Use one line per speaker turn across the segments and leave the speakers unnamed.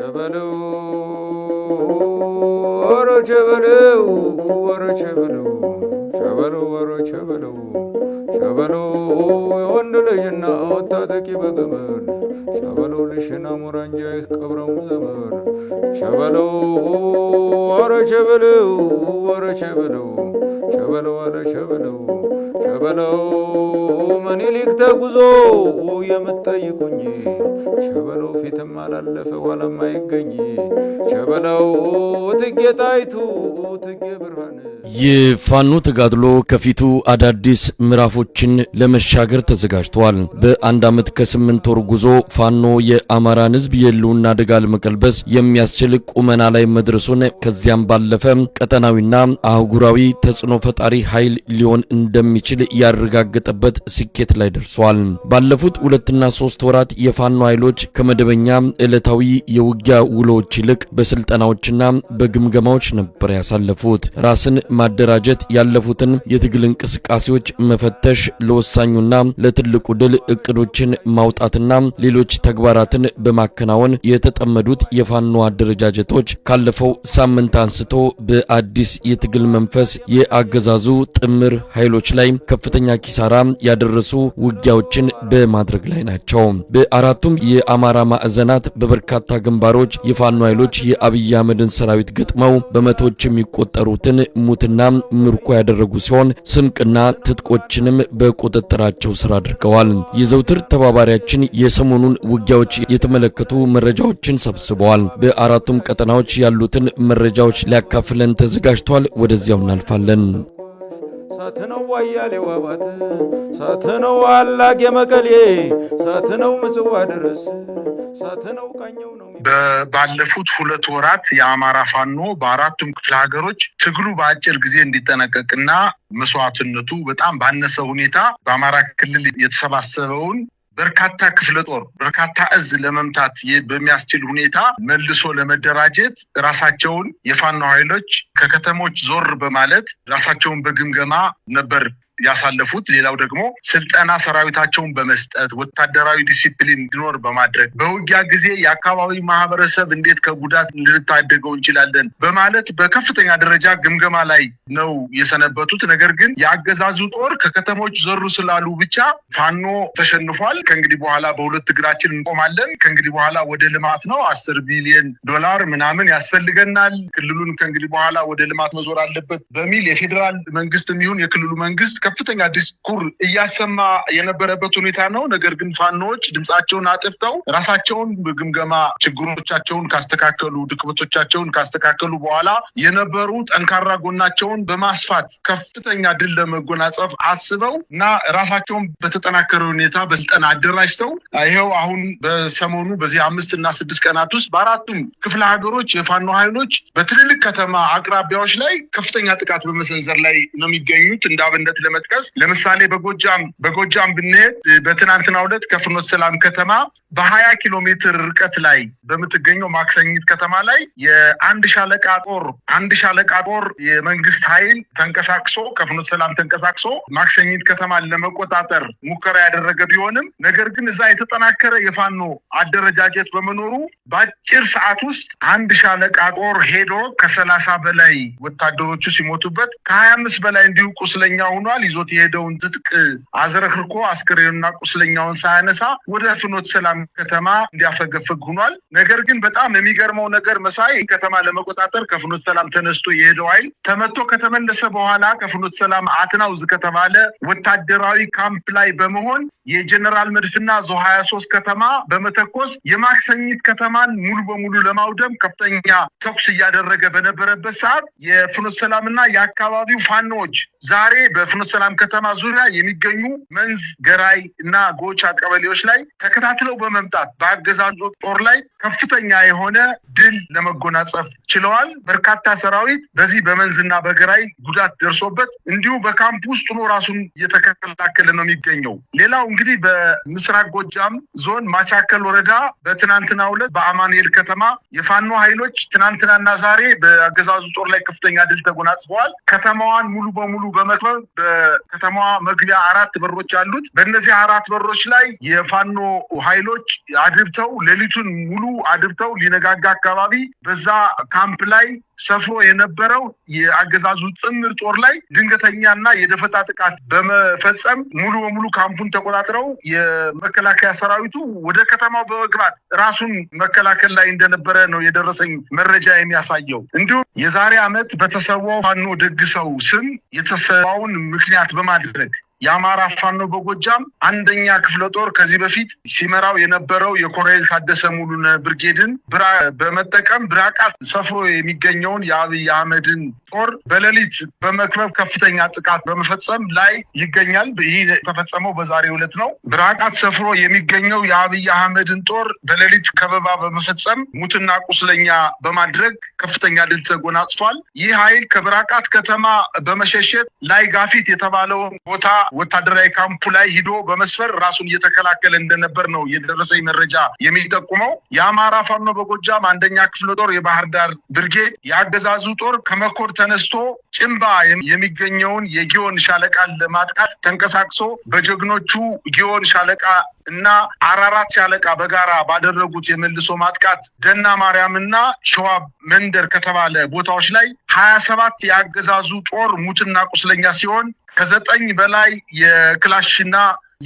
ቸበለው ወሮ ቸበለው ወሮ ቸበለው ቸበለው ወሮ ቸበለው ቸበለው የወንድ ልጅና ወታጠቂ በገመድ ቸበለው ልሽና ሙራንጃይህ ቀብረሙ ዘመድ ቸበለው ወሮ ቸበለው ወሮ ቸበለው ሸበለው አለ ሸበለው ሸበለው ምኒልክ ተጉዞ የምትጠይቁኝ ሸበለው ፊትም አላለፈ ኋላም አይገኝ ሸበለው እቴጌ ጣይቱ የፋኖ ተጋድሎ ከፊቱ አዳዲስ ምዕራፎችን ለመሻገር ተዘጋጅቷል። በአንድ ዓመት ከስምንት ወር ጉዞ ፋኖ የአማራን ሕዝብ የህልውና አደጋ ለመቀልበስ የሚያስችል ቁመና ላይ መድረሱን ከዚያም ባለፈ ቀጠናዊና አህጉራዊ ተጽዕኖ ፈጣሪ ኃይል ሊሆን እንደሚችል ያረጋገጠበት ስኬት ላይ ደርሷል። ባለፉት ሁለትና ሶስት ወራት የፋኖ ኃይሎች ከመደበኛ ዕለታዊ የውጊያ ውሎዎች ይልቅ በስልጠናዎችና በግምገማዎች ነበር ያሳ ያሳለፉት። ራስን ማደራጀት፣ ያለፉትን የትግል እንቅስቃሴዎች መፈተሽ፣ ለወሳኙና ለትልቁ ድል እቅዶችን ማውጣትና ሌሎች ተግባራትን በማከናወን የተጠመዱት የፋኖ አደረጃጀቶች ካለፈው ሳምንት አንስቶ በአዲስ የትግል መንፈስ የአገዛዙ ጥምር ኃይሎች ላይ ከፍተኛ ኪሳራ ያደረሱ ውጊያዎችን በማድረግ ላይ ናቸው። በአራቱም የአማራ ማዕዘናት በበርካታ ግንባሮች የፋኖ ኃይሎች የአብይ አህመድን ሰራዊት ገጥመው በመቶዎች የሚ የሚቆጠሩትን ሙትና ምርኮ ያደረጉ ሲሆን ስንቅና ትጥቆችንም በቁጥጥራቸው ስር አድርገዋል። የዘውትር ተባባሪያችን የሰሞኑን ውጊያዎች የተመለከቱ መረጃዎችን ሰብስበዋል። በአራቱም ቀጠናዎች ያሉትን መረጃዎች ሊያካፍለን ተዘጋጅቷል። ወደዚያው እናልፋለን። ሳትነው አያሌው አባት ሳትነው
የመቀሌ ሳትነው ምጽዋ ድረስ ሳትነው ቃኘው ነው። ባለፉት ሁለት ወራት የአማራ ፋኖ በአራቱም ክፍለ ሀገሮች ትግሉ በአጭር ጊዜ እንዲጠነቀቅና መስዋዕትነቱ በጣም ባነሰ ሁኔታ በአማራ ክልል የተሰባሰበውን በርካታ ክፍለ ጦር በርካታ እዝ ለመምታት በሚያስችል ሁኔታ መልሶ ለመደራጀት ራሳቸውን የፋኖ ኃይሎች ከከተሞች ዞር በማለት ራሳቸውን በግምገማ ነበር ያሳለፉት። ሌላው ደግሞ ስልጠና ሰራዊታቸውን በመስጠት ወታደራዊ ዲሲፕሊን እንዲኖር በማድረግ በውጊያ ጊዜ የአካባቢ ማህበረሰብ እንዴት ከጉዳት ልንታደገው እንችላለን በማለት በከፍተኛ ደረጃ ግምገማ ላይ ነው የሰነበቱት። ነገር ግን የአገዛዙ ጦር ከከተሞች ዘሩ ስላሉ ብቻ ፋኖ ተሸንፏል፣ ከእንግዲህ በኋላ በሁለት እግራችን እንቆማለን፣ ከእንግዲህ በኋላ ወደ ልማት ነው አስር ቢሊየን ዶላር ምናምን ያስፈልገናል፣ ክልሉን ከእንግዲህ በኋላ ወደ ልማት መዞር አለበት በሚል የፌዴራል መንግስት የሚሆን የክልሉ መንግስት ከፍተኛ ዲስኩር እያሰማ የነበረበት ሁኔታ ነው። ነገር ግን ፋኖዎች ድምፃቸውን አጥፍተው ራሳቸውን በግምገማ ችግሮቻቸውን ካስተካከሉ፣ ድክመቶቻቸውን ካስተካከሉ በኋላ የነበሩ ጠንካራ ጎናቸውን በማስፋት ከፍተኛ ድል ለመጎናጸፍ አስበው እና ራሳቸውን በተጠናከረ ሁኔታ በስልጠና አደራጅተው ይኸው አሁን በሰሞኑ በዚህ አምስት እና ስድስት ቀናት ውስጥ በአራቱም ክፍለ ሀገሮች የፋኖ ኃይሎች በትልልቅ ከተማ አቅራቢያዎች ላይ ከፍተኛ ጥቃት በመሰንዘር ላይ ነው የሚገኙት እንደ አብነት ለመጥቀስ ለምሳሌ በጎጃም በጎጃም ብንሄድ በትናንትና ዕለት ከፍኖት ሰላም ከተማ በሀያ ኪሎ ሜትር ርቀት ላይ በምትገኘው ማክሰኝት ከተማ ላይ የአንድ ሻለቃ ጦር አንድ ሻለቃ ጦር የመንግስት ኃይል ተንቀሳቅሶ ከፍኖት ሰላም ተንቀሳቅሶ ማክሰኝት ከተማን ለመቆጣጠር ሙከራ ያደረገ ቢሆንም ነገር ግን እዛ የተጠናከረ የፋኖ አደረጃጀት በመኖሩ በአጭር ሰዓት ውስጥ አንድ ሻለቃ ጦር ሄዶ ከሰላሳ በላይ ወታደሮቹ ሲሞቱበት ከሀያ አምስት በላይ እንዲሁ ቁስለኛ ሆኗል። ይዞት የሄደውን ትጥቅ አዝረክርኮ አስክሬንና ቁስለኛውን ሳያነሳ ወደ ፍኖት ሰላም ከተማ እንዲያፈገፍግ ሆኗል። ነገር ግን በጣም የሚገርመው ነገር መሳይ ከተማ ለመቆጣጠር ከፍኖት ሰላም ተነስቶ የሄደው ኃይል ተመቶ ከተመለሰ በኋላ ከፍኖት ሰላም አትናውዝ ከተባለ ወታደራዊ ካምፕ ላይ በመሆን የጀነራል መድፍና ዞ ሀያ ሶስት ከተማ በመተኮስ የማክሰኝት ከተማን ሙሉ በሙሉ ለማውደም ከፍተኛ ተኩስ እያደረገ በነበረበት ሰዓት የፍኖት ሰላምና የአካባቢው ፋኖዎች ዛሬ በፍኖት ሰላም ከተማ ዙሪያ የሚገኙ መንዝ፣ ገራይ እና ጎቻ ቀበሌዎች ላይ ተከታትለው በመምጣት በአገዛዙ ጦር ላይ ከፍተኛ የሆነ ድል ለመጎናጸፍ ችለዋል። በርካታ ሰራዊት በዚህ በመንዝና በገራይ ጉዳት ደርሶበት እንዲሁም በካምፕ ውስጥ ኖ ራሱን እየተከላከለ ነው የሚገኘው። ሌላው እንግዲህ በምስራቅ ጎጃም ዞን ማቻከል ወረዳ በትናንትናው ዕለት በአማኑኤል ከተማ የፋኖ ኃይሎች ትናንትናና ዛሬ በአገዛዙ ጦር ላይ ከፍተኛ ድል ተጎናጽፈዋል። ከተማዋን ሙሉ በሙሉ በመክበብ ከተማዋ መግቢያ አራት በሮች አሉት። በእነዚህ አራት በሮች ላይ የፋኖ ኃይሎች አድብተው ሌሊቱን ሙሉ አድብተው ሊነጋጋ አካባቢ በዛ ካምፕ ላይ ሰፍሮ የነበረው የአገዛዙ ጥምር ጦር ላይ ድንገተኛና የደፈጣ ጥቃት በመፈጸም ሙሉ በሙሉ ካምፑን ተቆጣጥረው የመከላከያ ሰራዊቱ ወደ ከተማው በመግባት ራሱን መከላከል ላይ እንደነበረ ነው የደረሰኝ መረጃ የሚያሳየው። እንዲሁም የዛሬ ዓመት በተሰዋው ፋኖ ደግሰው ስም የተሰዋውን ምክንያት በማድረግ የአማራ ፋኖ በጎጃም አንደኛ ክፍለ ጦር ከዚህ በፊት ሲመራው የነበረው የኮሎኔል ታደሰ ሙሉነ ብርጌድን በመጠቀም ብራቃት ሰፍሮ የሚገኘውን የአብይ አህመድን ጦር በሌሊት በመክበብ ከፍተኛ ጥቃት በመፈጸም ላይ ይገኛል። ይህ የተፈጸመው በዛሬ ዕለት ነው። ብራቃት ሰፍሮ የሚገኘው የአብይ አህመድን ጦር በሌሊት ከበባ በመፈጸም ሙትና ቁስለኛ በማድረግ ከፍተኛ ድል ተጎናጽፏል። ይህ ኃይል ከብራቃት ከተማ በመሸሸት ላይ ጋፊት የተባለውን ቦታ ወታደራዊ ካምፑ ላይ ሂዶ በመስፈር ራሱን እየተከላከለ እንደነበር ነው የደረሰኝ መረጃ የሚጠቁመው። የአማራ ፋኖ በጎጃም አንደኛ ክፍለ ጦር የባህር ዳር ብርጌድ የአገዛዙ ጦር ከመኮር ተነስቶ ጭንባ የሚገኘውን የጊዮን ሻለቃን ለማጥቃት ተንቀሳቅሶ በጀግኖቹ ጊዮን ሻለቃ እና አራራት ሻለቃ በጋራ ባደረጉት የመልሶ ማጥቃት ደና ማርያምና ሸዋ መንደር ከተባለ ቦታዎች ላይ ሀያ ሰባት የአገዛዙ ጦር ሙትና ቁስለኛ ሲሆን ከዘጠኝ በላይ የክላሽና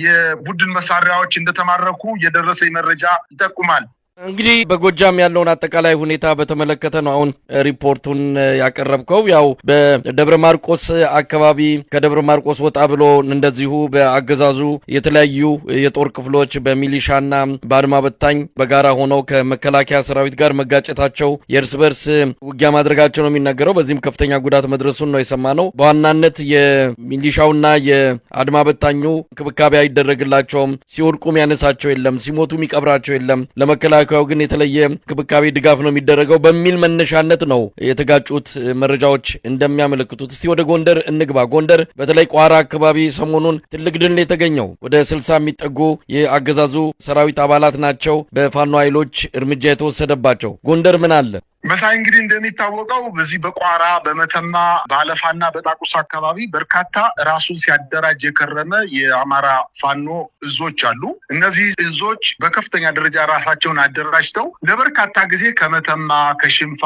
የቡድን መሳሪያዎች እንደተማረኩ የደረሰኝ መረጃ ይጠቁማል።
እንግዲህ በጎጃም ያለውን አጠቃላይ ሁኔታ በተመለከተ ነው አሁን ሪፖርቱን ያቀረብከው። ያው በደብረ ማርቆስ አካባቢ ከደብረ ማርቆስ ወጣ ብሎ እንደዚሁ በአገዛዙ የተለያዩ የጦር ክፍሎች በሚሊሻና በአድማ በታኝ በጋራ ሆነው ከመከላከያ ሰራዊት ጋር መጋጨታቸው፣ የእርስ በርስ ውጊያ ማድረጋቸው ነው የሚነገረው። በዚህም ከፍተኛ ጉዳት መድረሱን ነው የሰማነው። በዋናነት የሚሊሻውና የአድማ በታኙ እንክብካቤ አይደረግላቸውም። ሲወድቁ የሚያነሳቸው የለም፣ ሲሞቱ የሚቀብራቸው የለም። ለመከላከ ለተወካዩ ግን የተለየ ክብካቤ ድጋፍ ነው የሚደረገው በሚል መነሻነት ነው የተጋጩት መረጃዎች እንደሚያመለክቱት። እስቲ ወደ ጎንደር እንግባ። ጎንደር በተለይ ቋራ አካባቢ ሰሞኑን ትልቅ ድል የተገኘው ወደ ስልሳ የሚጠጉ የአገዛዙ ሰራዊት አባላት ናቸው በፋኖ ኃይሎች እርምጃ የተወሰደባቸው። ጎንደር ምን አለ?
መሳይ እንግዲህ እንደሚታወቀው በዚህ በቋራ በመተማ በአለፋና በጣቁስ አካባቢ በርካታ ራሱን ሲያደራጅ የከረመ የአማራ ፋኖ እዞች አሉ። እነዚህ እዞች በከፍተኛ ደረጃ ራሳቸውን አደራጅተው ለበርካታ ጊዜ ከመተማ ከሽንፋ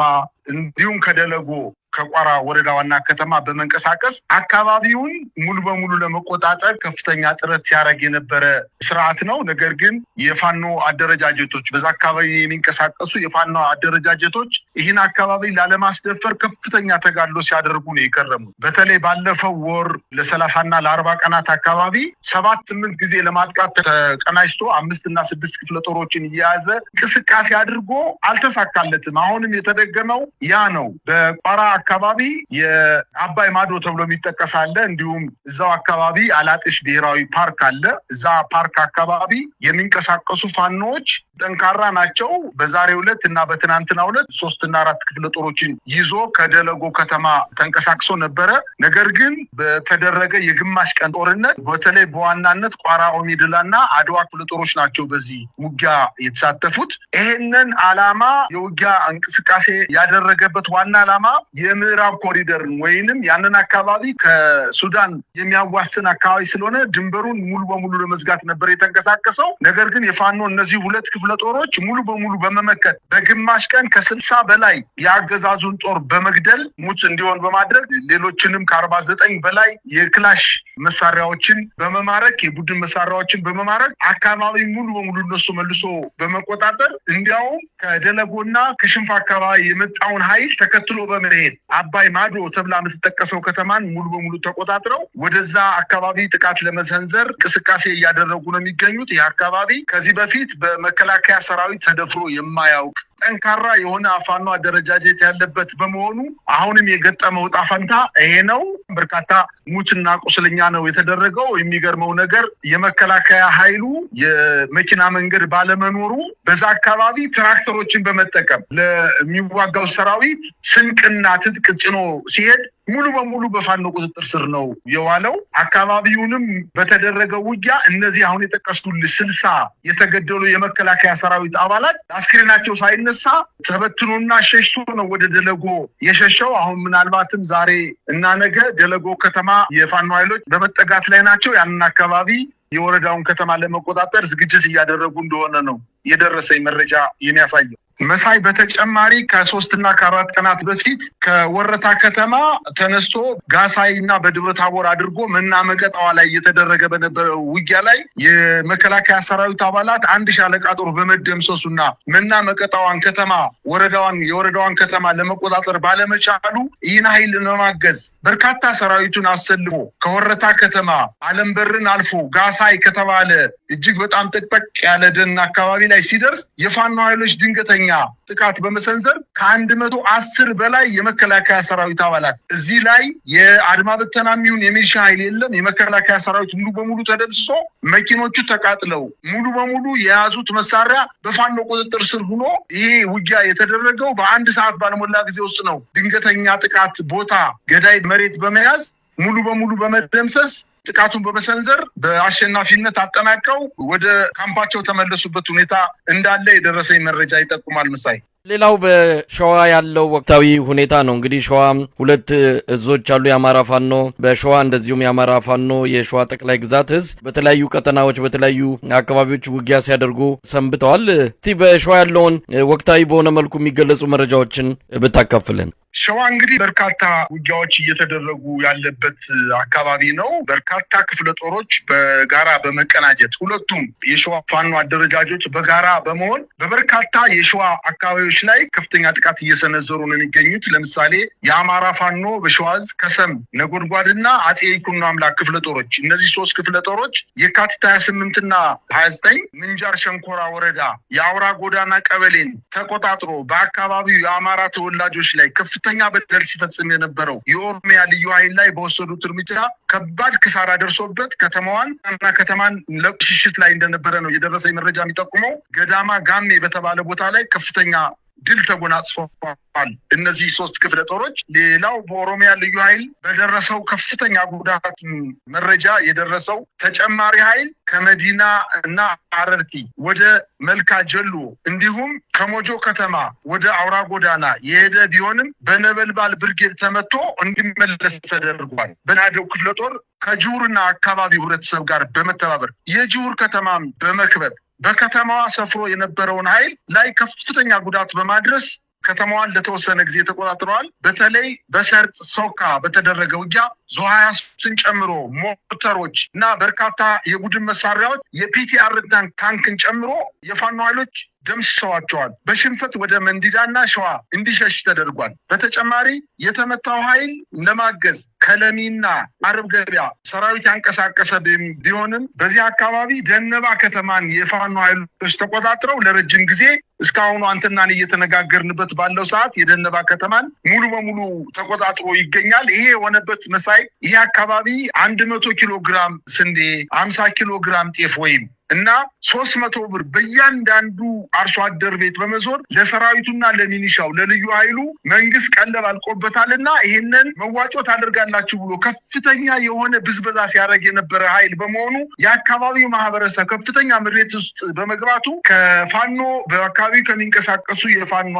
እንዲሁም ከደለጎ ከቋራ ወረዳ ዋና ከተማ በመንቀሳቀስ አካባቢውን ሙሉ በሙሉ ለመቆጣጠር ከፍተኛ ጥረት ሲያደርግ የነበረ ስርዓት ነው። ነገር ግን የፋኖ አደረጃጀቶች በዛ አካባቢ የሚንቀሳቀሱ የፋኖ አደረጃጀቶች ይህን አካባቢ ላለማስደፈር ከፍተኛ ተጋድሎ ሲያደርጉ ነው የከረሙት። በተለይ ባለፈው ወር ለሰላሳና ለአርባ ቀናት አካባቢ ሰባት ስምንት ጊዜ ለማጥቃት ተቀናጅቶ አምስት እና ስድስት ክፍለ ጦሮችን እየያዘ እንቅስቃሴ አድርጎ አልተሳካለትም። አሁንም የተደገመው ያ ነው። በቋራ አካባቢ የአባይ ማዶ ተብሎ የሚጠቀስ አለ። እንዲሁም እዛው አካባቢ አላጥሽ ብሔራዊ ፓርክ አለ። እዛ ፓርክ አካባቢ የሚንቀሳቀሱ ፋኖዎች ጠንካራ ናቸው። በዛሬው ዕለት እና በትናንትናው ዕለት ሶስትና አራት ክፍለ ጦሮችን ይዞ ከደለጎ ከተማ ተንቀሳቅሶ ነበረ። ነገር ግን በተደረገ የግማሽ ቀን ጦርነት በተለይ በዋናነት ቋራ ኦሚድላ እና አድዋ ክፍለ ጦሮች ናቸው በዚህ ውጊያ የተሳተፉት። ይሄንን አላማ የውጊያ እንቅስቃሴ ያደረገበት ዋና አላማ የምዕራብ ኮሪደርን ወይንም ያንን አካባቢ ከሱዳን የሚያዋስን አካባቢ ስለሆነ ድንበሩን ሙሉ በሙሉ ለመዝጋት ነበር የተንቀሳቀሰው። ነገር ግን የፋኖ እነዚህ ሁለት ክፍለ ጦሮች ሙሉ በሙሉ በመመከት በግማሽ ቀን ከስልሳ በላይ የአገዛዙን ጦር በመግደል ሙት እንዲሆን በማድረግ ሌሎችንም ከአርባ ዘጠኝ በላይ የክላሽ መሳሪያዎችን በመማረክ የቡድን መሳሪያዎችን በመማረክ አካባቢ ሙሉ በሙሉ እነሱ መልሶ በመቆጣጠር እንዲያውም ከደለጎና ከሽንፋ አካባቢ የመጣውን ኃይል ተከትሎ በመሄድ አባይ ማዶ ተብላ የምትጠቀሰው ከተማን ሙሉ በሙሉ ተቆጣጥረው ወደዛ አካባቢ ጥቃት ለመሰንዘር እንቅስቃሴ እያደረጉ ነው የሚገኙት። ይህ አካባቢ ከዚህ በፊት በመከላከያ ሰራዊት ተደፍሮ የማያውቅ ጠንካራ የሆነ አፋኗ አደረጃጀት ያለበት በመሆኑ አሁንም የገጠመው ጣፈንታ ይሄ ነው። በርካታ ሙትና ቁስለኛ ነው የተደረገው። የሚገርመው ነገር የመከላከያ ኃይሉ የመኪና መንገድ ባለመኖሩ በዛ አካባቢ ትራክተሮችን በመጠቀም ለሚዋጋው ሰራዊት ስንቅና ትጥቅ ጭኖ ሲሄድ ሙሉ በሙሉ በፋኖ ቁጥጥር ስር ነው የዋለው። አካባቢውንም በተደረገው ውጊያ እነዚህ አሁን የጠቀስኩልህ ስልሳ የተገደሉ የመከላከያ ሰራዊት አባላት አስክሬናቸው ሳይነሳ ተበትኖና ሸሽቶ ነው ወደ ደለጎ የሸሸው። አሁን ምናልባትም ዛሬ እና ነገ ደለጎ ከተማ የፋኖ ኃይሎች በመጠጋት ላይ ናቸው። ያንን አካባቢ የወረዳውን ከተማ ለመቆጣጠር ዝግጅት እያደረጉ እንደሆነ ነው የደረሰኝ መረጃ የሚያሳየው። መሳይ በተጨማሪ ከሶስትና ከአራት ቀናት በፊት ከወረታ ከተማ ተነስቶ ጋሳይ እና በደብረ ታቦር አድርጎ መና ጠዋ ላይ እየተደረገ በነበረው ውጊያ ላይ የመከላከያ ሰራዊት አባላት አንድ ሻለቃ ጦር በመደምሰሱና መናመቀ ጠዋን ከተማ ወረዳዋን የወረዳዋን ከተማ ለመቆጣጠር ባለመቻሉ ይህን ኃይል ለማገዝ በርካታ ሰራዊቱን አሰልፎ ከወረታ ከተማ አለምበርን አልፎ ጋሳይ ከተባለ እጅግ በጣም ጥቅጥቅ ያለ ደን አካባቢ ላይ ሲደርስ የፋኖ ኃይሎች ድንገተኛ ከፍተኛ ጥቃት በመሰንዘር ከአንድ መቶ አስር በላይ የመከላከያ ሰራዊት አባላት እዚህ ላይ የአድማ ብተና የሚሆን የሚሊሻ ኃይል የለም። የመከላከያ ሰራዊት ሙሉ በሙሉ ተደብስሶ መኪኖቹ ተቃጥለው ሙሉ በሙሉ የያዙት መሳሪያ በፋኖ ቁጥጥር ስር ሆኖ ይሄ ውጊያ የተደረገው በአንድ ሰዓት ባልሞላ ጊዜ ውስጥ ነው። ድንገተኛ ጥቃት ቦታ ገዳይ መሬት በመያዝ ሙሉ በሙሉ በመደምሰስ ጥቃቱን በመሰንዘር በአሸናፊነት አጠናቀው ወደ ካምፓቸው ተመለሱበት ሁኔታ እንዳለ የደረሰኝ መረጃ ይጠቁማል። ምሳይ
ሌላው በሸዋ ያለው ወቅታዊ ሁኔታ ነው። እንግዲህ ሸዋ ሁለት እዞች አሉ። የአማራ ፋኖ በሸዋ እንደዚሁም የአማራ ፋኖ የሸዋ ጠቅላይ ግዛት እዝ በተለያዩ ቀጠናዎች፣ በተለያዩ አካባቢዎች ውጊያ ሲያደርጉ ሰንብተዋል። እስቲ በሸዋ ያለውን ወቅታዊ በሆነ መልኩ የሚገለጹ መረጃዎችን ብታካፍልን።
ሸዋ እንግዲህ በርካታ ውጊያዎች እየተደረጉ ያለበት አካባቢ ነው። በርካታ ክፍለ ጦሮች በጋራ በመቀናጀት ሁለቱም የሸዋ ፋኖ አደረጃጆች በጋራ በመሆን በበርካታ የሸዋ አካባቢዎች ላይ ከፍተኛ ጥቃት እየሰነዘሩ ነው የሚገኙት። ለምሳሌ የአማራ ፋኖ በሸዋዝ ከሰም ነጎድጓድ እና አጼ ይኩኖ አምላክ ክፍለ ጦሮች እነዚህ ሶስት ክፍለ ጦሮች የካቲት ሀያ ስምንትና ሀያ ዘጠኝ ምንጃር ሸንኮራ ወረዳ የአውራ ጎዳና ቀበሌን ተቆጣጥሮ በአካባቢው የአማራ ተወላጆች ላይ ከፍተ ከፍተኛ በደል ሲፈጽም የነበረው የኦሮሚያ ልዩ ኃይል ላይ በወሰዱት እርምጃ ከባድ ክሳራ ደርሶበት ከተማዋን እና ከተማን ለሽሽት ላይ እንደነበረ ነው የደረሰኝ መረጃ የሚጠቁመው። ገዳማ ጋሜ በተባለ ቦታ ላይ ከፍተኛ ድል ተጎናጽፏል። እነዚህ ሶስት ክፍለ ጦሮች ሌላው በኦሮሚያ ልዩ ኃይል በደረሰው ከፍተኛ ጉዳት መረጃ የደረሰው ተጨማሪ ኃይል ከመዲና እና አረርቲ ወደ መልካ ጀሉ እንዲሁም ከሞጆ ከተማ ወደ አውራ ጎዳና የሄደ ቢሆንም በነበልባል ብርጌድ ተመቶ እንዲመለስ ተደርጓል። በናደው ክፍለ ጦር ከጅሁርና አካባቢው ህብረተሰብ ጋር በመተባበር የጅሁር ከተማም በመክበብ በከተማዋ ሰፍሮ የነበረውን ኃይል ላይ ከፍተኛ ጉዳት በማድረስ ከተማዋን ለተወሰነ ጊዜ ተቆጣጥረዋል። በተለይ በሰርጥ ሶካ በተደረገ ውጊያ ዙ ሀያ ሶስትን ጨምሮ ሞተሮች እና በርካታ የቡድን መሳሪያዎች የፒቲአር ታንክን ጨምሮ የፋኖ ኃይሎች ደምስሰዋቸዋል። በሽንፈት ወደ መንዲዳና ሸዋ እንዲሸሽ ተደርጓል። በተጨማሪ የተመታው ኃይል ለማገዝ ከለሚና አርብ ገበያ ሰራዊት ያንቀሳቀሰ ቢሆንም በዚህ አካባቢ ደነባ ከተማን የፋኖ ኃይሎች ተቆጣጥረው ለረጅም ጊዜ እስካሁኑ አንተናን እየተነጋገርንበት ባለው ሰዓት የደነባ ከተማን ሙሉ በሙሉ ተቆጣጥሮ ይገኛል። ይሄ የሆነበት መሳይ ይህ አካባቢ አንድ መቶ ኪሎ ግራም ስንዴ፣ አምሳ ኪሎ ግራም ጤፍ ወይም እና ሶስት መቶ ብር በእያንዳንዱ አርሶ አደር ቤት በመዞር ለሰራዊቱና ለሚኒሻው ለልዩ ኃይሉ መንግስት ቀለብ አልቆበታልና ይህንን መዋጮ ታደርጋላችሁ ብሎ ከፍተኛ የሆነ ብዝበዛ ሲያደርግ የነበረ ኃይል በመሆኑ የአካባቢው ማህበረሰብ ከፍተኛ ምሬት ውስጥ በመግባቱ ከፋኖ በአካባቢው ከሚንቀሳቀሱ የፋኖ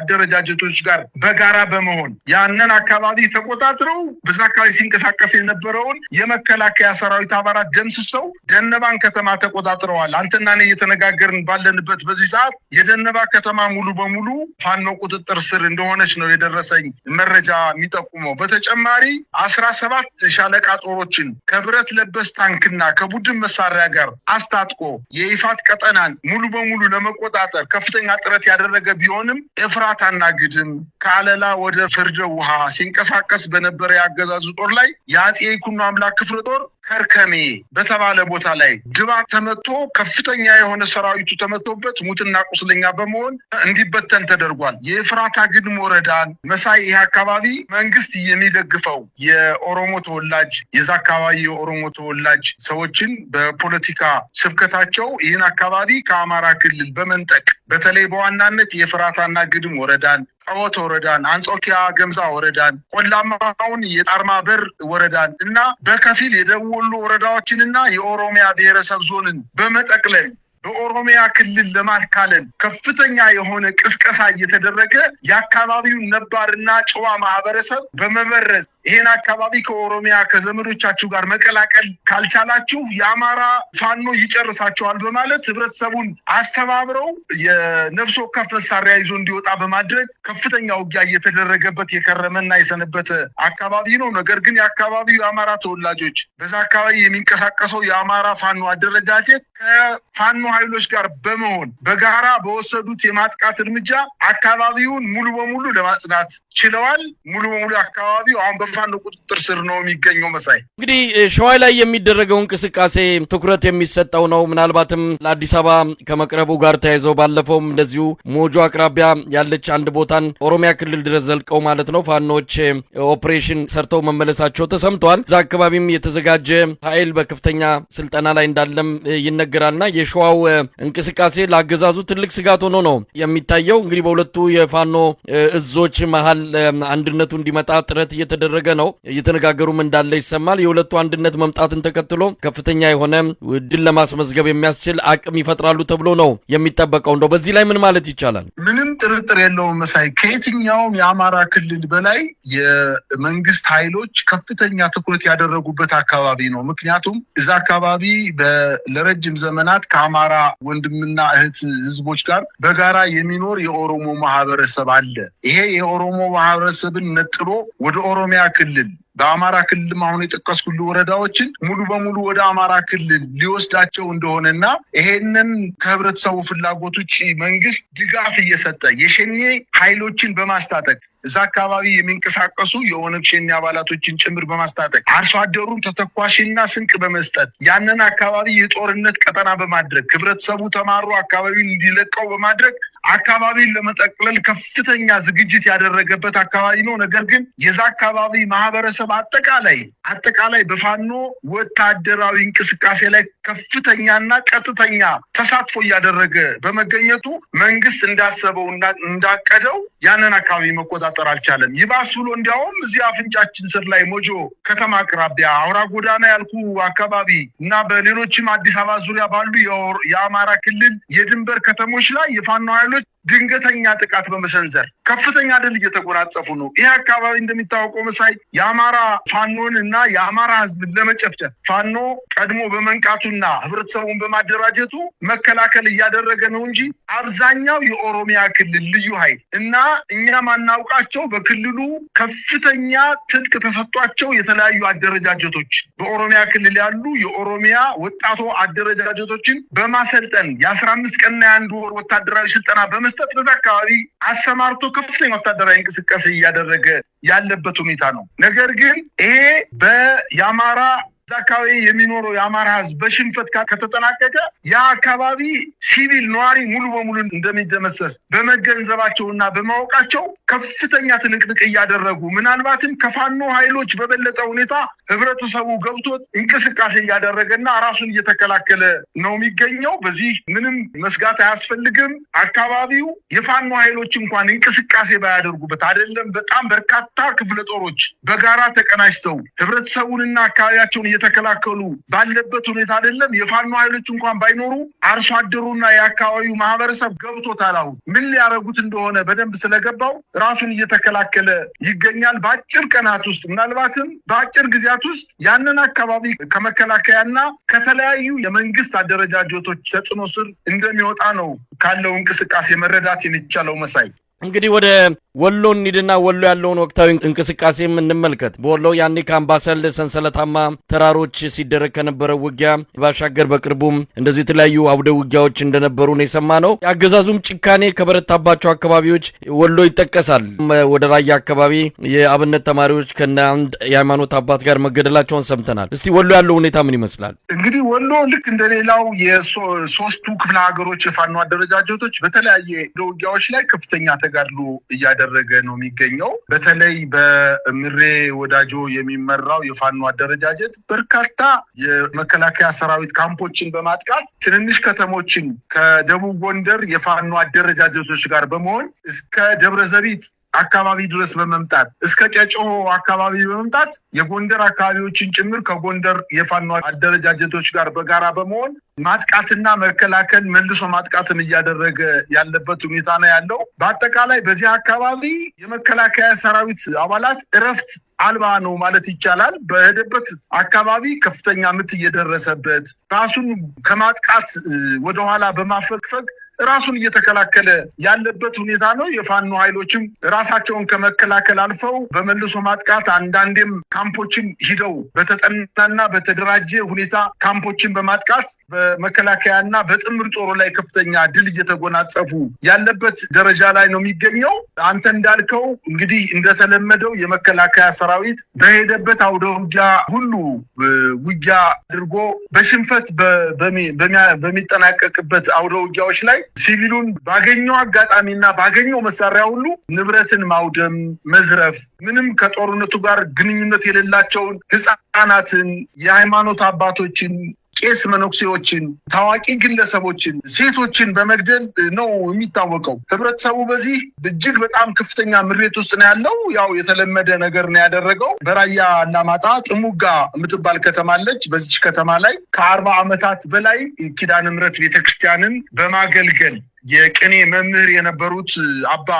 አደረጃጀቶች ጋር በጋራ በመሆን ያንን አካባቢ ተቆጣጥረው በዛ አካባቢ ሲንቀሳቀስ የነበረውን የመከላከያ ሰራዊት አባላት ደምስሰው ደነባንክ ከተማ ተቆጣጥረዋል። አንተና እኔ እየተነጋገርን ባለንበት በዚህ ሰዓት የደነባ ከተማ ሙሉ በሙሉ ፋኖ ቁጥጥር ስር እንደሆነች ነው የደረሰኝ መረጃ የሚጠቁመው። በተጨማሪ አስራ ሰባት ሻለቃ ጦሮችን ከብረት ለበስ ታንክና ከቡድን መሳሪያ ጋር አስታጥቆ የይፋት ቀጠናን ሙሉ በሙሉ ለመቆጣጠር ከፍተኛ ጥረት ያደረገ ቢሆንም ኤፍራታና ግድም ከአለላ ወደ ፍርደ ውሃ ሲንቀሳቀስ በነበረ የአገዛዙ ጦር ላይ የአጼ ይኩኖ አምላክ ክፍለ ጦር ከርከሜ በተባለ ቦታ ላይ ድባብ ተመቶ ከፍተኛ የሆነ ሰራዊቱ ተመቶበት ሙትና ቁስለኛ በመሆን እንዲበተን ተደርጓል። የፍራታ ግድም ወረዳን መሳይ ይህ አካባቢ መንግስት የሚደግፈው የኦሮሞ ተወላጅ የዛ አካባቢ የኦሮሞ ተወላጅ ሰዎችን በፖለቲካ ስብከታቸው ይህን አካባቢ ከአማራ ክልል በመንጠቅ በተለይ በዋናነት የፍራታና ግድም ወረዳን ጣዖት ወረዳን፣ አንጾኪያ ገምዛ ወረዳን፣ ቆላማውን የጣርማ በር ወረዳን እና በከፊል የደቡብ ወሎ ወረዳዎችንና የኦሮሚያ ብሔረሰብ ዞንን በመጠቅለል በኦሮሚያ ክልል ለማካለል ከፍተኛ የሆነ ቅስቀሳ እየተደረገ የአካባቢውን ነባርና ጨዋ ማህበረሰብ በመበረዝ ይሄን አካባቢ ከኦሮሚያ ከዘመዶቻችሁ ጋር መቀላቀል ካልቻላችሁ የአማራ ፋኖ ይጨርሳቸዋል በማለት ህብረተሰቡን አስተባብረው የነፍስ ወከፍ መሳሪያ ይዞ እንዲወጣ በማድረግ ከፍተኛ ውጊያ እየተደረገበት የከረመና የሰነበተ አካባቢ ነው። ነገር ግን የአካባቢው የአማራ ተወላጆች በዛ አካባቢ የሚንቀሳቀሰው የአማራ ፋኖ አደረጃጀት ከፋኖ ኃይሎች ጋር በመሆን በጋራ በወሰዱት የማጥቃት እርምጃ አካባቢውን ሙሉ በሙሉ ለማጽናት ችለዋል። ሙሉ በሙሉ አካባቢው አሁን በፋኖ ቁጥጥር ስር ነው የሚገኘው። መሳይ
እንግዲህ ሸዋይ ላይ የሚደረገው እንቅስቃሴ ትኩረት የሚሰጠው ነው። ምናልባትም ለአዲስ አበባ ከመቅረቡ ጋር ተያይዞ ባለፈውም እንደዚሁ ሞጆ አቅራቢያ ያለች አንድ ቦታን ኦሮሚያ ክልል ድረስ ዘልቀው ማለት ነው ፋኖች ኦፕሬሽን ሰርተው መመለሳቸው ተሰምተዋል። እዛ አካባቢም የተዘጋጀ ኃይል በከፍተኛ ስልጠና ላይ እንዳለም ይነገራልና የሸዋው እንቅስቃሴ ለአገዛዙ ትልቅ ስጋት ሆኖ ነው የሚታየው። እንግዲህ በሁለቱ የፋኖ እዞች መሀል አንድነቱ እንዲመጣ ጥረት እየተደረገ ነው፣ እየተነጋገሩም እንዳለ ይሰማል። የሁለቱ አንድነት መምጣትን ተከትሎ ከፍተኛ የሆነ ድል ለማስመዝገብ የሚያስችል አቅም ይፈጥራሉ ተብሎ ነው የሚጠበቀው። እንደው በዚህ ላይ ምን ማለት ይቻላል?
ምንም ጥርጥር የለውም መሳይ፣ ከየትኛውም የአማራ ክልል በላይ የመንግስት ኃይሎች ከፍተኛ ትኩረት ያደረጉበት አካባቢ ነው። ምክንያቱም እዛ አካባቢ ለረጅም ዘመናት ከአማራ ከአማራ ወንድምና እህት ህዝቦች ጋር በጋራ የሚኖር የኦሮሞ ማህበረሰብ አለ። ይሄ የኦሮሞ ማህበረሰብን ነጥሎ ወደ ኦሮሚያ ክልል በአማራ ክልልም አሁን የጠቀስኩሉ ወረዳዎችን ሙሉ በሙሉ ወደ አማራ ክልል ሊወስዳቸው እንደሆነና ይሄንን ከህብረተሰቡ ፍላጎት ውጭ መንግስት ድጋፍ እየሰጠ የሸኔ ኃይሎችን በማስታጠቅ እዛ አካባቢ የሚንቀሳቀሱ የኦነግ ሸኔ አባላቶችን ጭምር በማስታጠቅ አርሶ አደሩን ተተኳሽና ስንቅ በመስጠት ያንን አካባቢ የጦርነት ቀጠና በማድረግ ህብረተሰቡ ተማሮ አካባቢውን እንዲለቀው በማድረግ አካባቢን ለመጠቅለል ከፍተኛ ዝግጅት ያደረገበት አካባቢ ነው። ነገር ግን የዛ አካባቢ ማህበረሰብ አጠቃላይ አጠቃላይ በፋኖ ወታደራዊ እንቅስቃሴ ላይ ከፍተኛና ቀጥተኛ ተሳትፎ እያደረገ በመገኘቱ መንግስት እንዳሰበው እንዳቀደው ያንን አካባቢ መቆጣ። ሊቆጣጠር አልቻለም። ይባስ ብሎ እንዲያውም እዚህ አፍንጫችን ስር ላይ ሞጆ ከተማ አቅራቢያ አውራ ጎዳና ያልኩ አካባቢ እና በሌሎችም አዲስ አበባ ዙሪያ ባሉ የአማራ ክልል የድንበር ከተሞች ላይ የፋኖ ኃይሎች ድንገተኛ ጥቃት በመሰንዘር ከፍተኛ ድል እየተጎናጸፉ ነው። ይህ አካባቢ እንደሚታወቀው መሳይ የአማራ ፋኖን እና የአማራ ሕዝብን ለመጨፍጨፍ ፋኖ ቀድሞ በመንቃቱና ህብረተሰቡን በማደራጀቱ መከላከል እያደረገ ነው እንጂ አብዛኛው የኦሮሚያ ክልል ልዩ ኃይል እና እኛ ማናውቃቸው በክልሉ ከፍተኛ ትጥቅ ተሰጧቸው የተለያዩ አደረጃጀቶች በኦሮሚያ ክልል ያሉ የኦሮሚያ ወጣቶ አደረጃጀቶችን በማሰልጠን የአስራ አምስት ቀንና የአንድ ወር ወታደራዊ ስልጠና በመ በመስጠት በዛ አካባቢ አሰማርቶ ከፍተኛ ወታደራዊ እንቅስቃሴ እያደረገ ያለበት ሁኔታ ነው። ነገር ግን ይሄ በየአማራ እዛ አካባቢ የሚኖረው የአማራ ህዝብ በሽንፈት ከተጠናቀቀ ያ አካባቢ ሲቪል ነዋሪ ሙሉ በሙሉ እንደሚደመሰስ በመገንዘባቸው እና በማወቃቸው ከፍተኛ ትንቅንቅ እያደረጉ ምናልባትም ከፋኖ ኃይሎች በበለጠ ሁኔታ ህብረተሰቡ ገብቶት እንቅስቃሴ እያደረገና ራሱን እየተከላከለ ነው የሚገኘው። በዚህ ምንም መስጋት አያስፈልግም። አካባቢው የፋኖ ኃይሎች እንኳን እንቅስቃሴ ባያደርጉበት አይደለም በጣም በርካታ ክፍለ ጦሮች በጋራ ተቀናጅተው ህብረተሰቡንና አካባቢያቸውን እየተከላከሉ ባለበት ሁኔታ አይደለም። የፋኖ ኃይሎች እንኳን ባይኖሩ አርሶ አደሩና የአካባቢው ማህበረሰብ ገብቶታል። አሁን ምን ሊያደርጉት እንደሆነ በደንብ ስለገባው ራሱን እየተከላከለ ይገኛል። በአጭር ቀናት ውስጥ ምናልባትም በአጭር ጊዜያት ውስጥ ያንን አካባቢ ከመከላከያና ከተለያዩ የመንግስት አደረጃጀቶች ተጽዕኖ ስር እንደሚወጣ ነው ካለው እንቅስቃሴ መረዳት የሚቻለው መሳይ
እንግዲህ ወደ ወሎ እንሂድና ወሎ ያለውን ወቅታዊ እንቅስቃሴም እንመልከት። በወሎ ያኔ ከአምባሰል ሰንሰለታማ ተራሮች ሲደረግ ከነበረው ውጊያ ባሻገር በቅርቡም እንደዚሁ የተለያዩ አውደ ውጊያዎች እንደነበሩ ነው ነው። አገዛዙም ጭካኔ ከበረታባቸው አካባቢዎች ወሎ ይጠቀሳል። ወደ ራያ አካባቢ የአብነት ተማሪዎች ከነ አንድ የሃይማኖት አባት ጋር መገደላቸውን ሰምተናል። እስቲ ወሎ ያለው ሁኔታ ምን ይመስላል?
እንግዲህ ወሎ ልክ እንደሌላው የሶስቱ ክፍለ ሀገሮች የፋኖ አደረጃጀቶች በተለያየ ውጊያዎች ላይ ከፍተኛ ተጋድሎ እያደ እያደረገ ነው የሚገኘው። በተለይ በምሬ ወዳጆ የሚመራው የፋኖ አደረጃጀት በርካታ የመከላከያ ሰራዊት ካምፖችን በማጥቃት ትንንሽ ከተሞችን ከደቡብ ጎንደር የፋኖ አደረጃጀቶች ጋር በመሆን እስከ ደብረ ዘቢት አካባቢ ድረስ በመምጣት እስከ ጨጨሆ አካባቢ በመምጣት የጎንደር አካባቢዎችን ጭምር ከጎንደር የፋኖ አደረጃጀቶች ጋር በጋራ በመሆን ማጥቃትና መከላከል መልሶ ማጥቃትን እያደረገ ያለበት ሁኔታ ነው ያለው። በአጠቃላይ በዚህ አካባቢ የመከላከያ ሰራዊት አባላት እረፍት አልባ ነው ማለት ይቻላል። በሄደበት አካባቢ ከፍተኛ ምት እየደረሰበት ራሱን ከማጥቃት ወደኋላ በማፈግፈግ ራሱን እየተከላከለ ያለበት ሁኔታ ነው። የፋኖ ኃይሎችም ራሳቸውን ከመከላከል አልፈው በመልሶ ማጥቃት አንዳንዴም ካምፖችን ሂደው በተጠናና በተደራጀ ሁኔታ ካምፖችን በማጥቃት በመከላከያና በጥምር ጦሩ ላይ ከፍተኛ ድል እየተጎናጸፉ ያለበት ደረጃ ላይ ነው የሚገኘው። አንተ እንዳልከው እንግዲህ እንደተለመደው የመከላከያ ሰራዊት በሄደበት አውደ ውጊያ ሁሉ ውጊያ አድርጎ በሽንፈት በሚጠናቀቅበት አውደ ውጊያዎች ላይ ሲቪሉን ባገኘው አጋጣሚና ባገኘው መሳሪያ ሁሉ ንብረትን ማውደም፣ መዝረፍ፣ ምንም ከጦርነቱ ጋር ግንኙነት የሌላቸውን ህፃናትን፣ የሃይማኖት አባቶችን ቄስ መነኩሴዎችን፣ ታዋቂ ግለሰቦችን፣ ሴቶችን በመግደል ነው የሚታወቀው። ህብረተሰቡ በዚህ እጅግ በጣም ከፍተኛ ምሬት ውስጥ ነው ያለው። ያው የተለመደ ነገር ነው ያደረገው። በራያ አላማጣ ጥሙጋ የምትባል ከተማ አለች። በዚች ከተማ ላይ ከአርባ ዓመታት በላይ ኪዳነ ምሕረት ቤተክርስቲያንን በማገልገል የቅኔ መምህር የነበሩት አባ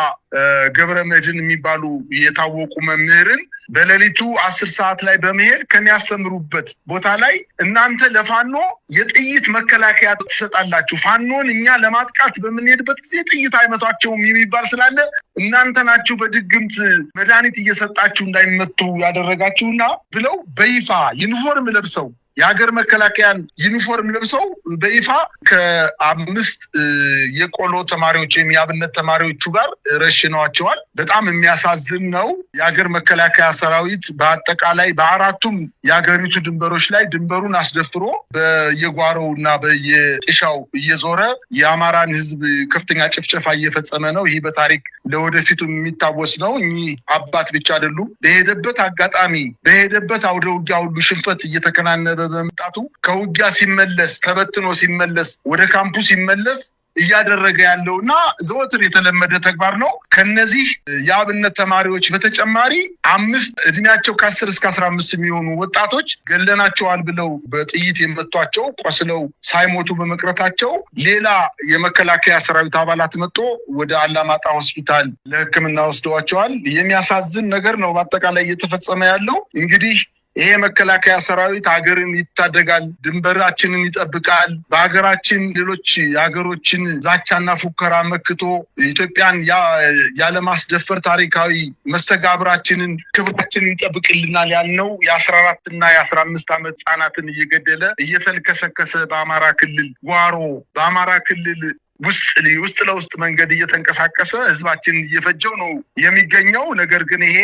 ገብረ መድን የሚባሉ የታወቁ መምህርን በሌሊቱ አስር ሰዓት ላይ በመሄድ ከሚያስተምሩበት ቦታ ላይ እናንተ ለፋኖ የጥይት መከላከያ ትሰጣላችሁ፣ ፋኖን እኛ ለማጥቃት በምንሄድበት ጊዜ ጥይት አይመቷቸውም የሚባል ስላለ እናንተ ናችሁ በድግምት መድኃኒት እየሰጣችሁ እንዳይመቱ ያደረጋችሁና ብለው በይፋ ዩኒፎርም ለብሰው የሀገር መከላከያን ዩኒፎርም ለብሰው በይፋ ከአምስት የቆሎ ተማሪዎች ወይም የአብነት ተማሪዎቹ ጋር ረሽነዋቸዋል። በጣም የሚያሳዝን ነው። የሀገር መከላከያ ሰራዊት በአጠቃላይ በአራቱም የሀገሪቱ ድንበሮች ላይ ድንበሩን አስደፍሮ በየጓሮው እና በየጥሻው እየዞረ የአማራን ሕዝብ ከፍተኛ ጭፍጨፋ እየፈጸመ ነው። ይህ በታሪክ ለወደፊቱ የሚታወስ ነው። እኚህ አባት ብቻ አይደሉም። በሄደበት አጋጣሚ በሄደበት አውደ ውጊያ ሁሉ ሽንፈት እየተከናነበ በመምጣቱ ከውጊያ ሲመለስ ተበትኖ ሲመለስ ወደ ካምፑ ሲመለስ እያደረገ ያለው እና ዘወትር የተለመደ ተግባር ነው። ከነዚህ የአብነት ተማሪዎች በተጨማሪ አምስት እድሜያቸው ከአስር እስከ አስራ አምስት የሚሆኑ ወጣቶች ገለናቸዋል ብለው በጥይት የመቷቸው ቆስለው ሳይሞቱ በመቅረታቸው ሌላ የመከላከያ ሰራዊት አባላት መጥቶ ወደ አላማጣ ሆስፒታል ለህክምና ወስደዋቸዋል። የሚያሳዝን ነገር ነው። በአጠቃላይ እየተፈጸመ ያለው እንግዲህ ይሄ የመከላከያ ሰራዊት ሀገርን ይታደጋል፣ ድንበራችንን ይጠብቃል። በሀገራችን ሌሎች ሀገሮችን ዛቻና ፉከራ መክቶ ኢትዮጵያን ያለማስደፈር ታሪካዊ መስተጋብራችንን ክብራችንን ይጠብቅልናል ያልነው የአስራ አራትና የአስራ አምስት ዓመት ህጻናትን እየገደለ እየተልከሰከሰ በአማራ ክልል ጓሮ በአማራ ክልል ውስጥ ውስጥ ለውስጥ መንገድ እየተንቀሳቀሰ ህዝባችን እየፈጀው ነው የሚገኘው። ነገር ግን ይሄ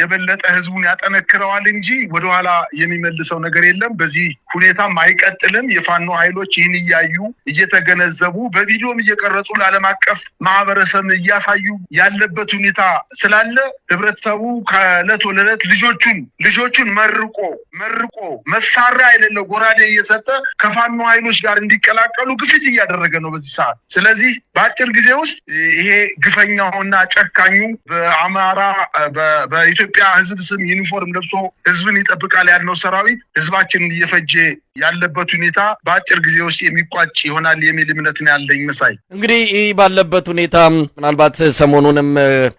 የበለጠ ህዝቡን ያጠነክረዋል እንጂ ወደኋላ የሚመልሰው ነገር የለም። በዚህ ሁኔታም አይቀጥልም። የፋኖ ኃይሎች ይህን እያዩ እየተገነዘቡ በቪዲዮም እየቀረጹ ለዓለም አቀፍ ማህበረሰብ እያሳዩ ያለበት ሁኔታ ስላለ ህብረተሰቡ ከእለት ወደ እለት ልጆቹን ልጆቹን መርቆ መርቆ መሳሪያ የሌለው ጎራዴ እየሰጠ ከፋኖ ኃይሎች ጋር እንዲቀላቀሉ ግፊት እያደረገ ነው በዚህ ሰዓት ስለዚህ በአጭር ጊዜ ውስጥ ይሄ ግፈኛውና ጨካኙ በአማራ በኢትዮጵያ ህዝብ ስም ዩኒፎርም ለብሶ ህዝብን ይጠብቃል ያለው ሰራዊት ህዝባችን እየፈጀ ያለበት ሁኔታ በአጭር ጊዜ ውስጥ የሚቋጭ ይሆናል የሚል እምነት ነው ያለኝ። መሳይ
እንግዲህ ይህ ባለበት ሁኔታ ምናልባት ሰሞኑንም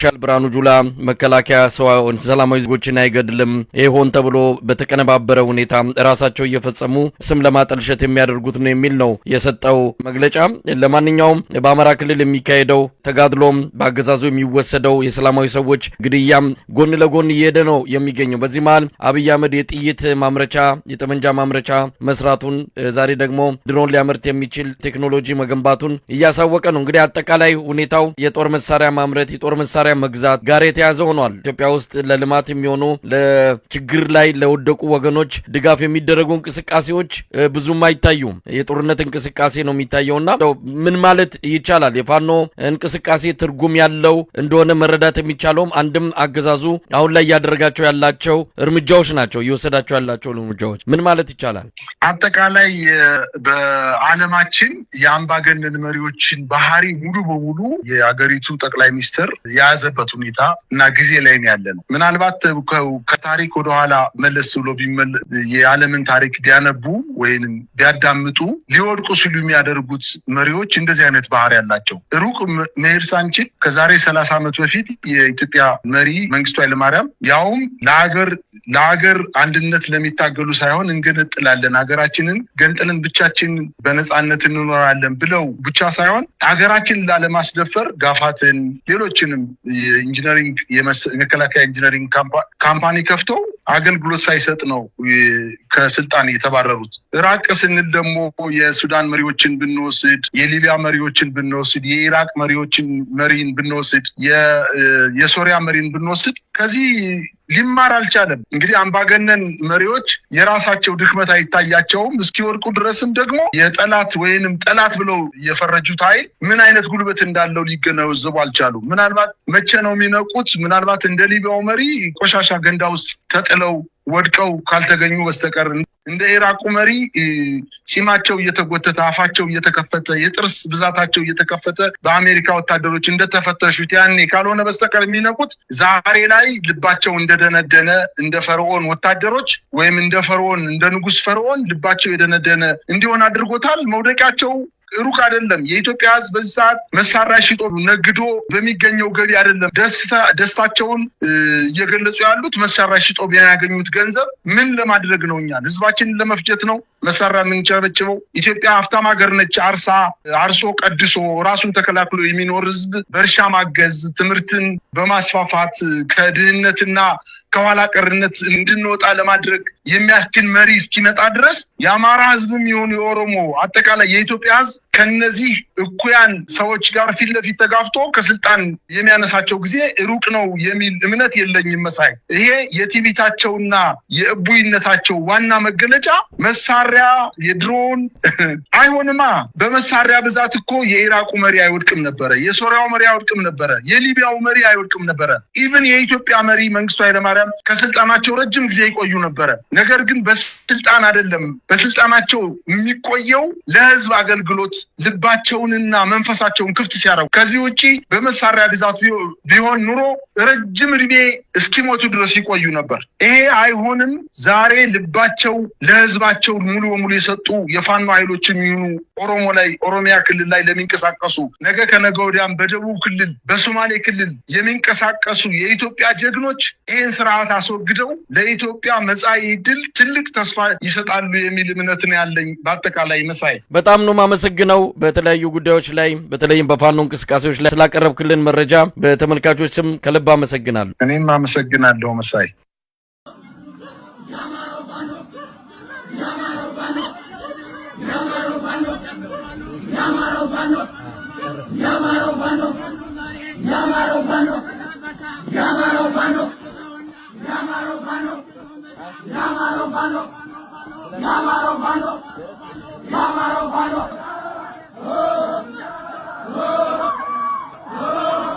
ሻል ብርሃኑ ጁላ መከላከያ ሰላማዊ ዜጎችን አይገድልም ሆን ተብሎ በተቀነባበረ ሁኔታ ራሳቸው እየፈጸሙ ስም ለማጠልሸት የሚያደርጉት ነው የሚል ነው የሰጠው መግለጫ ለማንኛውም ማንኛውም በአማራ ክልል የሚካሄደው ተጋድሎም በአገዛዙ የሚወሰደው የሰላማዊ ሰዎች ግድያም ጎን ለጎን እየሄደ ነው የሚገኘው። በዚህ መሀል አብይ አህመድ የጥይት ማምረቻ የጠመንጃ ማምረቻ መስራቱን ዛሬ ደግሞ ድሮን ሊያመርት የሚችል ቴክኖሎጂ መገንባቱን እያሳወቀ ነው። እንግዲህ አጠቃላይ ሁኔታው የጦር መሳሪያ ማምረት፣ የጦር መሳሪያ መግዛት ጋር የተያዘ ሆኗል። ኢትዮጵያ ውስጥ ለልማት የሚሆኑ ለችግር ላይ ለወደቁ ወገኖች ድጋፍ የሚደረጉ እንቅስቃሴዎች ብዙም አይታዩም። የጦርነት እንቅስቃሴ ነው የሚታየውና ምን ማለት ይቻላል። የፋኖ እንቅስቃሴ ትርጉም ያለው እንደሆነ መረዳት የሚቻለውም አንድም አገዛዙ አሁን ላይ እያደረጋቸው ያላቸው እርምጃዎች ናቸው፣ እየወሰዳቸው ያላቸው እርምጃዎች ምን ማለት ይቻላል።
አጠቃላይ በዓለማችን የአምባገነን መሪዎችን ባህሪ ሙሉ በሙሉ የአገሪቱ ጠቅላይ ሚኒስትር የያዘበት ሁኔታ እና ጊዜ ላይ ያለ ነው። ምናልባት ከታሪክ ወደኋላ መለስ ብሎ ቢመለ የዓለምን ታሪክ ቢያነቡ ወይንም ቢያዳምጡ ሊወድቁ ሲሉ የሚያደርጉት መሪዎች እንደዚህ እንደዚህ አይነት ባህሪ ያላቸው ሩቅ መሄድ ሳንችል ከዛሬ ሰላሳ ዓመት በፊት የኢትዮጵያ መሪ መንግስቱ ኃይለማርያም ያውም ለሀገር ለሀገር አንድነት ለሚታገሉ ሳይሆን እንገነጥላለን ሀገራችንን ገንጥልን ብቻችን በነፃነት እንኖራለን ብለው ብቻ ሳይሆን ሀገራችንን ላለማስደፈር ጋፋትን ሌሎችንም የኢንጂነሪንግ መከላከያ ኢንጂነሪንግ ካምፓኒ ከፍቶ አገልግሎት ሳይሰጥ ነው ከስልጣን የተባረሩት። ራቅ ስንል ደግሞ የሱዳን መሪዎችን ብንወስድ፣ የሊቢያ መሪዎችን ብንወስድ፣ የኢራቅ መሪዎችን መሪን ብንወስድ፣ የሶሪያ መሪን ብንወስድ ከዚህ ሊማር አልቻለም። እንግዲህ አምባገነን መሪዎች የራሳቸው ድክመት አይታያቸውም። እስኪወድቁ ድረስም ደግሞ የጠላት ወይንም ጠላት ብለው የፈረጁት ኃይል ምን አይነት ጉልበት እንዳለው ሊገነዘቡ አልቻሉ። ምናልባት መቼ ነው የሚነቁት? ምናልባት እንደ ሊቢያው መሪ ቆሻሻ ገንዳ ውስጥ ተጥለው ወድቀው ካልተገኙ በስተቀር እንደ ኢራቁ መሪ ሲማቸው እየተጎተተ አፋቸው እየተከፈተ የጥርስ ብዛታቸው እየተከፈተ በአሜሪካ ወታደሮች እንደተፈተሹት ያኔ ካልሆነ በስተቀር የሚነቁት ዛሬ ላይ ልባቸው እንደደነደነ እንደ ፈርዖን ወታደሮች ወይም እንደ ፈርዖን እንደ ንጉስ ፈርዖን ልባቸው የደነደነ እንዲሆን አድርጎታል። መውደቂያቸው ሩቅ አይደለም። የኢትዮጵያ ህዝብ በዚህ ሰዓት መሳሪያ ሽጦ ነግዶ በሚገኘው ገቢ አይደለም ደስታ ደስታቸውን እየገለጹ ያሉት መሳሪያ ሽጦ ያገኙት ገንዘብ ምን ለማድረግ ነው? እኛን ህዝባችንን ለመፍጀት ነው መሳሪያ የምንጨበጭበው። ኢትዮጵያ ሀብታም ሀገር ነች። አርሳ አርሶ ቀድሶ ራሱን ተከላክሎ የሚኖር ህዝብ በእርሻ ማገዝ፣ ትምህርትን በማስፋፋት ከድህነትና ከኋላ ቀርነት እንድንወጣ ለማድረግ የሚያስችል መሪ እስኪመጣ ድረስ የአማራ ህዝብም የሆኑ የኦሮሞ አጠቃላይ የኢትዮጵያ ህዝብ ከነዚህ እኩያን ሰዎች ጋር ፊት ለፊት ተጋፍቶ ከስልጣን የሚያነሳቸው ጊዜ ሩቅ ነው የሚል እምነት የለኝም። መሳይ ይሄ የቲቪታቸውና የእቡይነታቸው ዋና መገለጫ መሳሪያ የድሮን አይሆንማ። በመሳሪያ ብዛት እኮ የኢራቁ መሪ አይወድቅም ነበረ፣ የሶሪያው መሪ አይወድቅም ነበረ፣ የሊቢያው መሪ አይወድቅም ነበረ። ኢቭን የኢትዮጵያ መሪ መንግስቱ ኃይለማርያም ከስልጣናቸው ረጅም ጊዜ ይቆዩ ነበረ። ነገር ግን በስልጣን አይደለም። በስልጣናቸው የሚቆየው ለህዝብ አገልግሎት ልባቸውንና መንፈሳቸውን ክፍት ሲያረጉ ከዚህ ውጭ በመሳሪያ ብዛት ቢሆን ኑሮ ረጅም እድሜ እስኪሞቱ ድረስ ይቆዩ ነበር። ይሄ አይሆንም። ዛሬ ልባቸው ለህዝባቸው ሙሉ በሙሉ የሰጡ የፋኖ ኃይሎች የሚሆኑ ኦሮሞ ላይ ኦሮሚያ ክልል ላይ ለሚንቀሳቀሱ ነገ ከነገ ወዲያም በደቡብ ክልል በሶማሌ ክልል የሚንቀሳቀሱ የኢትዮጵያ ጀግኖች ይህን ስርዓት አስወግደው ለኢትዮጵያ መጻኢ ድል ትልቅ ተስፋ ይሰጣሉ የሚል እምነት ነው ያለኝ። በአጠቃላይ መሳይ በጣም ነው የማመሰግነው። በተለያዩ ጉዳዮች ላይ በተለይም በፋኖ እንቅስቃሴዎች ላይ ስላቀረብክልን መረጃ በተመልካቾች ስም ከልብ አመሰግናለሁ። እኔም አመሰግናለሁ መሳይ። ያማረው ባኖ mano mano llama rompando, llama mano. Oh, oh,